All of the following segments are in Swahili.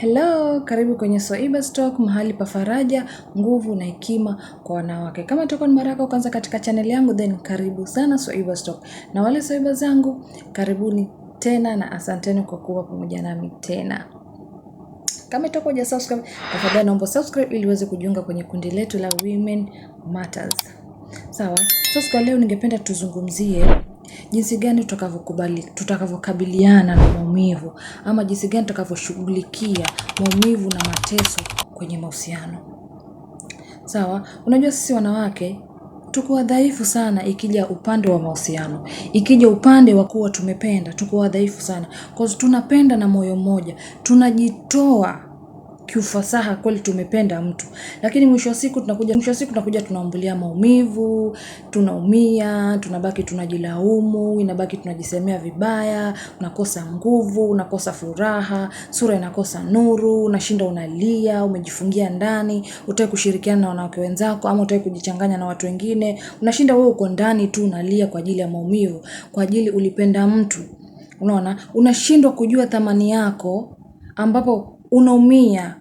Hello, karibu kwenye Soiba Stock, mahali pa faraja, nguvu na hekima kwa wanawake. Kama tuko ni mara yako kwanza katika chaneli yangu, then karibu sana Soiba Stock. Na wale Soiba zangu, karibuni tena na asanteni kwa kuwa pamoja nami tena. Kama toka uja subscribe, tafadhali naomba subscribe ili uweze kujiunga kwenye kundi letu la Women Matters. Sawa? Sasa kwa leo ningependa tuzungumzie Jinsi gani tutakavyokabiliana na maumivu ama jinsi gani tutakavyoshughulikia maumivu na mateso kwenye mahusiano. Sawa, unajua sisi wanawake tuko dhaifu sana ikija upande wa mahusiano. Ikija upande wa kuwa tumependa, tuko dhaifu sana. kwa tunapenda na moyo mmoja, tunajitoa kiufasaha kweli tumependa mtu, lakini mwisho wa siku tunakuja mwisho wa siku tunakuja tunaambulia maumivu, tunaumia, tunabaki tunajilaumu, inabaki tunajisemea vibaya, unakosa nguvu, unakosa furaha, sura inakosa nuru, unashinda unalia, umejifungia ndani, utaki kushirikiana na wanawake wenzako ama utaki kujichanganya na watu wengine, unashinda wewe uko ndani tu unalia kwa ajili ya maumivu, kwa ajili ulipenda mtu. Unaona, unashindwa kujua thamani yako ambapo unaumia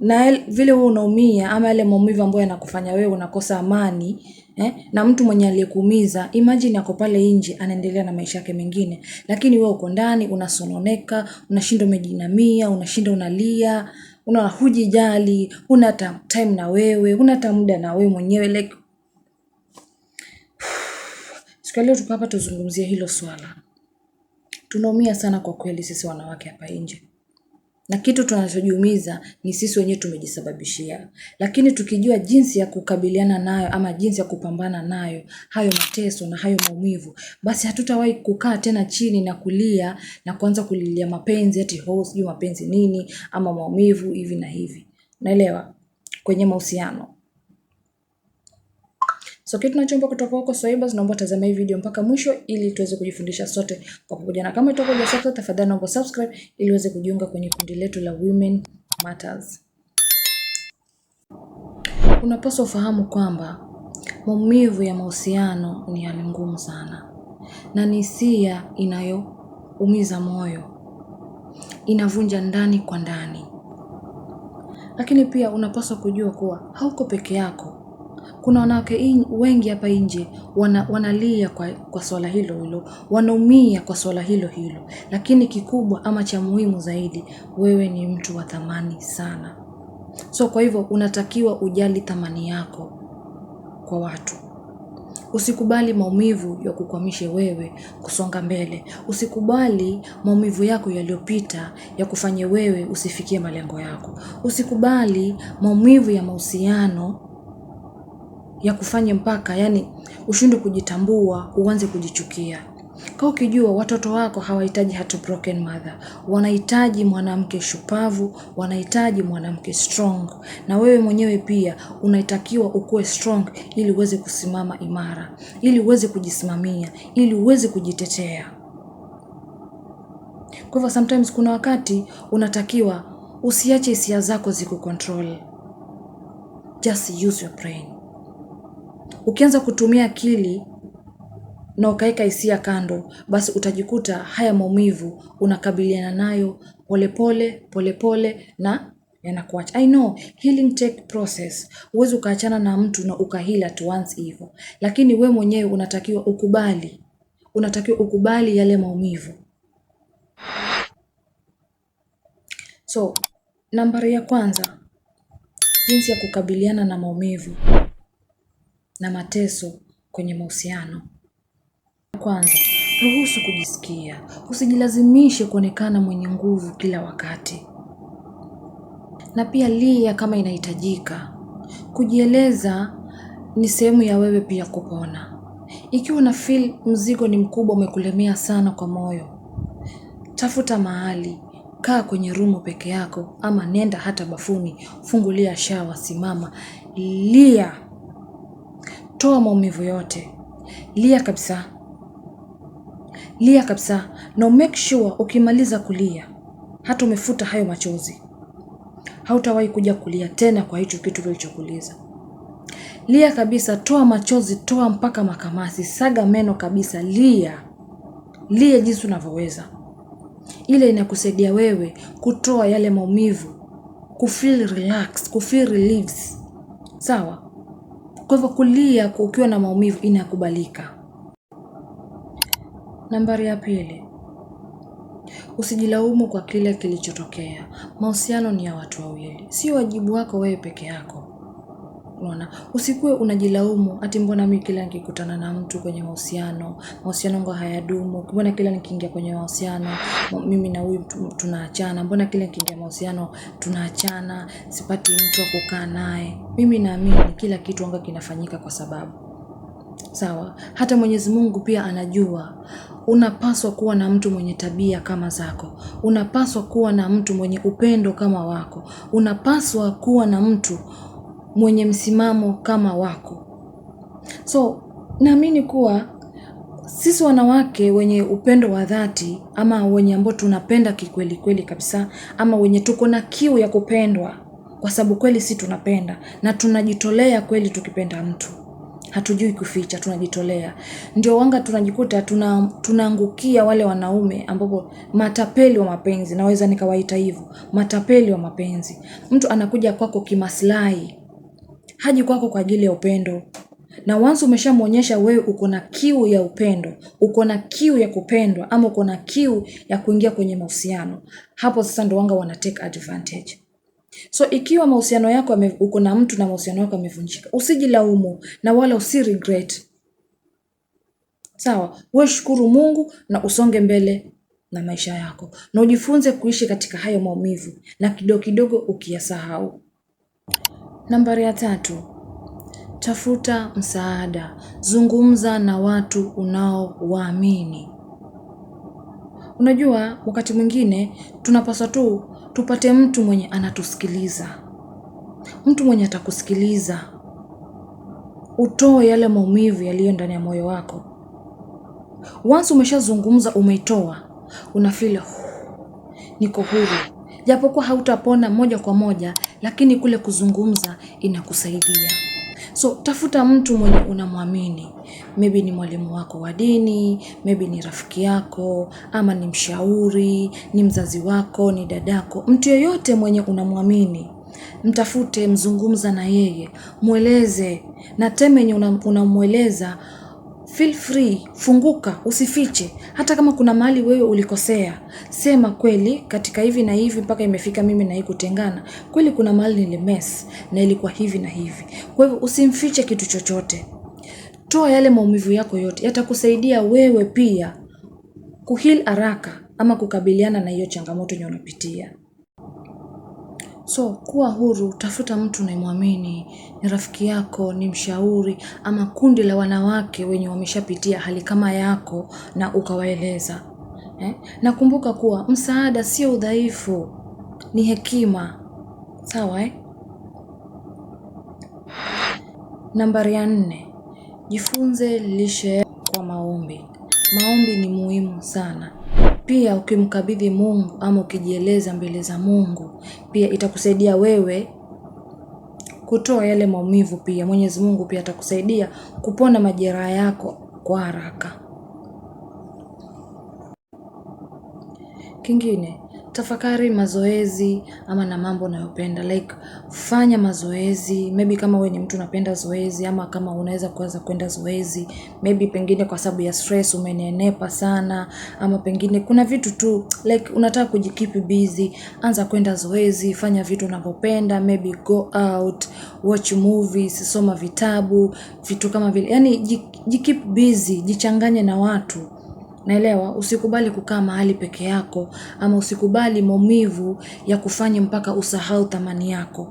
na vile wewe unaumia ama yale maumivu ambayo yanakufanya wewe unakosa amani eh, na mtu mwenye aliyekuumiza imagine ako pale nje anaendelea na maisha yake mengine, lakini wewe uko ndani unasononeka, unashinda umejinamia, unashinda unalia, una hujijali, una hata time na wewe, una hata muda na wewe mwenyewe like. Siku leo tuko hapa tuzungumzie hilo swala. Tunaumia sana kwa kweli sisi wanawake hapa nje na kitu tunachojiumiza ni sisi wenyewe tumejisababishia, lakini tukijua jinsi ya kukabiliana nayo ama jinsi ya kupambana nayo hayo mateso na hayo maumivu, basi hatutawahi kukaa tena chini na kulia na kuanza kulilia mapenzi ati ho, oh, sijui mapenzi nini ama maumivu hivi na hivi. Naelewa kwenye mahusiano. So kitu tunachoomba kutoka huko Swahibas, naomba tazama hii video mpaka mwisho ili tuweze kujifundisha sote kwa pamoja, na kama itakuwa hujasubscribe, tafadhali naomba subscribe ili uweze kujiunga kwenye kundi letu la Women Matters. Unapaswa ufahamu kwamba maumivu ya mahusiano ni hali ngumu sana, na ni hisia inayoumiza moyo, inavunja ndani kwa ndani. Lakini pia unapaswa kujua kuwa hauko peke yako kuna wanawake wengi hapa nje wana, wanalia kwa, kwa swala hilo hilo, wanaumia kwa swala hilo hilo, lakini kikubwa ama cha muhimu zaidi, wewe ni mtu wa thamani sana. So kwa hivyo unatakiwa ujali thamani yako kwa watu. Usikubali maumivu ya kukwamishe wewe kusonga mbele. Usikubali maumivu yako yaliyopita ya kufanye wewe usifikie malengo yako. Usikubali maumivu ya mahusiano ya kufanya mpaka yani ushindwe kujitambua, uanze kujichukia. kwa ukijua watoto wako hawahitaji hata broken mother, wanahitaji mwanamke shupavu, wanahitaji mwanamke strong. Na wewe mwenyewe pia unaitakiwa ukuwe strong ili uweze kusimama imara, ili uweze kujisimamia, ili uweze kujitetea. Kwa hivyo sometimes kuna wakati unatakiwa usiache hisia zako zikukontrol. Just use your brain. Ukianza kutumia akili na ukaweka hisia kando, basi utajikuta haya maumivu unakabiliana nayo polepole polepole na yanakuacha. I know healing take process. Huwezi ukaachana na mtu na ukahila tu once hivyo, lakini we mwenyewe unatakiwa ukubali, unatakiwa ukubali yale maumivu. So nambari ya kwanza, jinsi ya kukabiliana na maumivu na mateso kwenye mahusiano. Kwanza, ruhusu kujisikia. Usijilazimishe kuonekana mwenye nguvu kila wakati, na pia lia kama inahitajika. Kujieleza ni sehemu ya wewe pia kupona. Ikiwa una feel mzigo ni mkubwa, umekulemea sana kwa moyo, tafuta mahali, kaa kwenye rumu peke yako, ama nenda hata bafuni, fungulia shawa, simama, lia toa maumivu yote, lia kabisa, lia kabisa na make sure ukimaliza kulia hata umefuta hayo machozi, hautawahi kuja kulia tena kwa hicho kitu kilichokuliza. Lia kabisa, toa machozi, toa mpaka makamasi, saga meno kabisa, lia lia jinsi unavyoweza. Ile inakusaidia wewe kutoa yale maumivu, kufeel relax, kufeel relieves, sawa. Kwa hivyo kulia ukiwa na maumivu inakubalika. Nambari ya pili, usijilaumu kwa kile kilichotokea. Mahusiano ni ya watu wawili, sio wajibu wako wewe peke yako. Unaona, usikuwe unajilaumu ati mbona mimi kila nikikutana na mtu kwenye mahusiano, mahusiano ngo hayadumu, mbona kila nikiingia kwenye mahusiano mimi na huyu tunaachana, mbona kila nikiingia mahusiano tunaachana, sipati mtu wa kukaa naye. Mimi naamini kila kitu anga kinafanyika kwa sababu. Sawa, hata mwenyezi mungu pia anajua, unapaswa kuwa na mtu mwenye tabia kama zako, unapaswa kuwa na mtu mwenye upendo kama wako, unapaswa kuwa na mtu mwenye msimamo kama wako. So naamini kuwa sisi wanawake wenye upendo wa dhati ama wenye ambao tunapenda kikweli kweli kabisa ama wenye tuko na kiu ya kupendwa, kwa sababu kweli si tunapenda na tunajitolea kweli tukipenda mtu hatujui kuficha, tunajitolea. Ndio wanga tunajikuta tuna, tunaangukia wale wanaume ambapo matapeli wa mapenzi, naweza nikawaita hivyo, matapeli wa mapenzi. Mtu anakuja kwako kimaslahi, haji kwako kwa ajili ya upendo na wansi umeshamwonyesha wewe uko na kiu ya upendo, uko na kiu ya kupendwa, ama uko na kiu ya kuingia kwenye mahusiano, hapo sasa ndo wanga wana take advantage. So ikiwa mahusiano yako uko na mtu na mahusiano yako yamevunjika, usijilaumu na wala usi regret. Sawa, we shukuru Mungu na usonge mbele na maisha yako, na ujifunze kuishi katika hayo maumivu, na kidogo kidogo ukiyasahau. Nambari ya tatu, tafuta msaada. Zungumza na watu unaowaamini. Unajua, wakati mwingine tunapaswa tu tupate mtu mwenye anatusikiliza, mtu mwenye atakusikiliza, utoe yale maumivu yaliyo ndani ya moyo wako. Once umeshazungumza, umeitoa, unafeel niko huru, japokuwa hautapona moja kwa moja, lakini kule kuzungumza inakusaidia. So tafuta mtu mwenye unamwamini, maybe ni mwalimu wako wa dini, maybe ni rafiki yako, ama ni mshauri, ni mzazi wako, ni dadako, mtu yeyote mwenye unamwamini mtafute, mzungumza na yeye, mweleze na temenye unamweleza una Feel free, funguka, usifiche. Hata kama kuna mahali wewe ulikosea, sema kweli, katika hivi na hivi mpaka imefika mimi na hii kutengana. Kweli kuna mahali nilimess na ilikuwa hivi na hivi. Kwa hivyo usimfiche kitu chochote. Toa yale maumivu yako yote, yatakusaidia wewe pia kuheal haraka ama kukabiliana na hiyo changamoto yenye unapitia. So kuwa huru, tafuta mtu unayemwamini, ni rafiki yako, ni mshauri, ama kundi la wanawake wenye wameshapitia hali kama yako na ukawaeleza. Eh? Na kumbuka kuwa, msaada sio udhaifu, ni hekima. Sawa eh? Nambari ya nne, jifunze lishe kwa maombi. Maombi ni muhimu sana. Pia ukimkabidhi Mungu ama ukijieleza mbele za Mungu, pia itakusaidia wewe kutoa yale maumivu. Pia Mwenyezi Mungu pia atakusaidia kupona majeraha yako kwa haraka. Kingine, tafakari mazoezi ama na mambo unayopenda like fanya mazoezi maybe kama we ni mtu unapenda zoezi ama kama unaweza kuanza kwenda zoezi maybe pengine kwa sababu ya stress umenenepa sana ama pengine kuna vitu tu like unataka kujikipi busy anza kwenda zoezi fanya vitu unavyopenda maybe go out watch movies soma vitabu vitu kama vile yani jikeep busy jichanganye na watu Naelewa, usikubali kukaa mahali peke yako ama usikubali maumivu ya kufanya mpaka usahau thamani yako.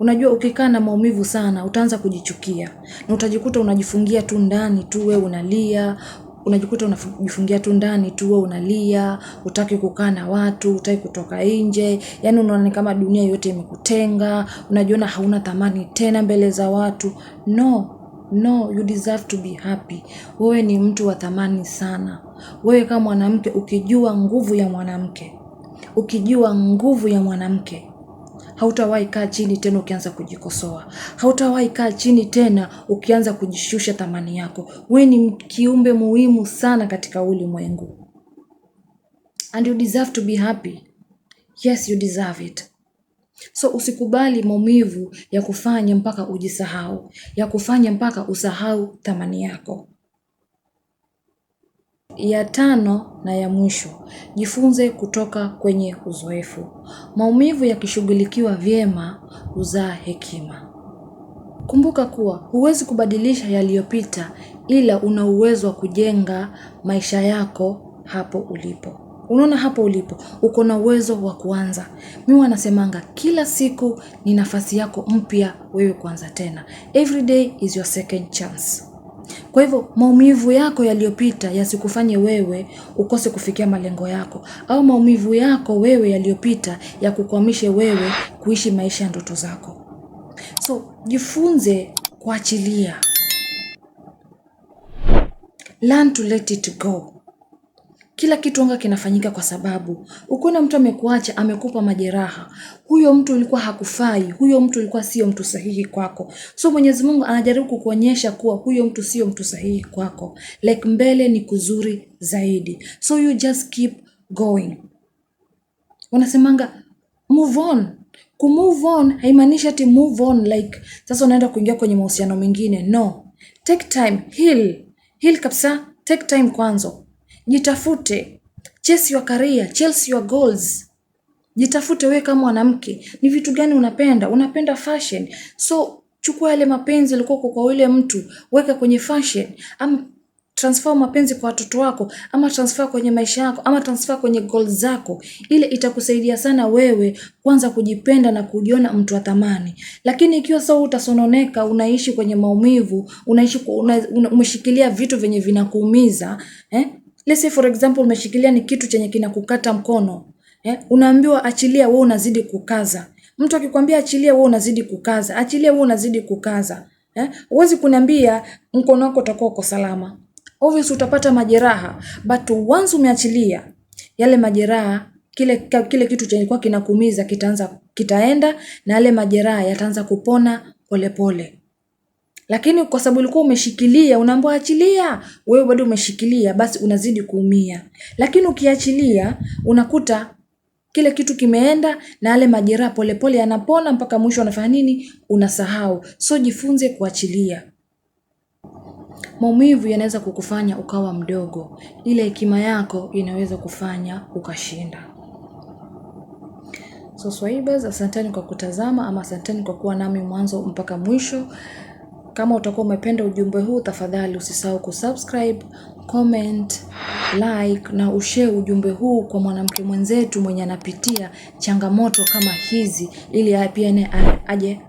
Unajua ukikaa na maumivu sana, utaanza kujichukia. Na utajikuta unajifungia tu ndani tu we unalia, unajikuta unajifungia tu ndani tu we unalia, utaki kukaa na watu, utaki kutoka nje, yaani unaona ni kama dunia yote imekutenga, unajiona hauna thamani tena mbele za watu. No, No, you deserve to be happy. Wewe ni mtu wa thamani sana. Wewe kama mwanamke, ukijua nguvu ya mwanamke, ukijua nguvu ya mwanamke, hautawahi kaa chini tena ukianza kujikosoa. Hautawahi kaa chini tena ukianza kujishusha thamani yako. Wewe ni kiumbe muhimu sana katika ulimwengu, and you deserve to be happy. Yes, you deserve it. So usikubali maumivu ya kufanya mpaka ujisahau, ya kufanya mpaka usahau thamani yako. Ya tano na ya mwisho, jifunze kutoka kwenye uzoefu. Maumivu yakishughulikiwa vyema huzaa hekima. Kumbuka kuwa huwezi kubadilisha yaliyopita, ila una uwezo wa kujenga maisha yako hapo ulipo. Unaona hapo ulipo, uko na uwezo wa kuanza. Mimi wanasemanga kila siku ni nafasi yako mpya wewe kuanza tena. Every day is your second chance. Kwa hivyo maumivu yako yaliyopita yasikufanye wewe ukose kufikia malengo yako, au maumivu yako wewe yaliyopita yakukwamishe wewe kuishi maisha ya ndoto zako. So jifunze kuachilia, learn to let it go. Kila kitu anga kinafanyika kwa sababu. Ukiona mtu amekuacha, amekupa majeraha, huyo mtu ulikuwa hakufai, huyo mtu ulikuwa sio mtu sahihi kwako. So Mwenyezi Mungu anajaribu kukuonyesha kuwa huyo mtu sio mtu sahihi kwako, like mbele ni kuzuri zaidi, so you just keep going. Unasemanga move on. move on haimaanishi ati move on like sasa unaenda kuingia kwenye mahusiano mengine, no. Take time, heal. Heal kabisa, take time kwanza. Jitafute, chase your career, chase your goals. Jitafute wewe kama mwanamke, ni vitu gani unapenda? Unapenda fashion, so chukua yale mapenzi yalikuwa kwa yule mtu, weka kwenye fashion ama transfer mapenzi kwa watoto wako, ama transfer kwenye maisha yako, ama transfer kwenye goals zako. Ile itakusaidia sana wewe kwanza kujipenda na kujiona mtu wa thamani. Lakini ikiwa sasa utasononeka, unaishi kwenye maumivu, unaishi una, una, umeshikilia vitu vyenye vinakuumiza eh? Let's say for example umeshikilia ni kitu chenye kinakukata mkono eh? Unaambiwa achilia, wewe unazidi kukaza. Mtu akikwambia achilia, wewe unazidi kukaza, achilia, wewe unazidi kukaza eh? Uwezi kuniambia mkono wako utakuwa uko salama, obviously utapata majeraha, but once umeachilia yale majeraha kile, kile kitu chenye kwa kinakuumiza kitaanza kitaenda na yale majeraha yataanza kupona polepole pole. Lakini kwa sababu ulikuwa umeshikilia, unaambiwa achilia, wewe bado umeshikilia, basi unazidi kuumia. Lakini ukiachilia, unakuta kile kitu kimeenda na yale majeraha polepole yanapona mpaka mwisho unafanya nini? Unasahau. So jifunze kuachilia. Maumivu yanaweza kukufanya ukawa mdogo, ile hekima yako inaweza kufanya ukashinda. So, swahiba, asanteni kwa kutazama ama asanteni kwa kuwa nami mwanzo mpaka mwisho. Kama utakuwa umependa ujumbe huu, tafadhali usisahau kusubscribe, comment, like na ushare ujumbe huu kwa mwanamke mwenzetu mwenye anapitia changamoto kama hizi, ili pia aje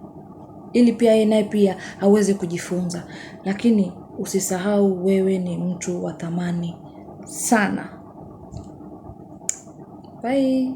ili pia yeye naye pia aweze kujifunza. Lakini usisahau, wewe ni mtu wa thamani sana. Bye.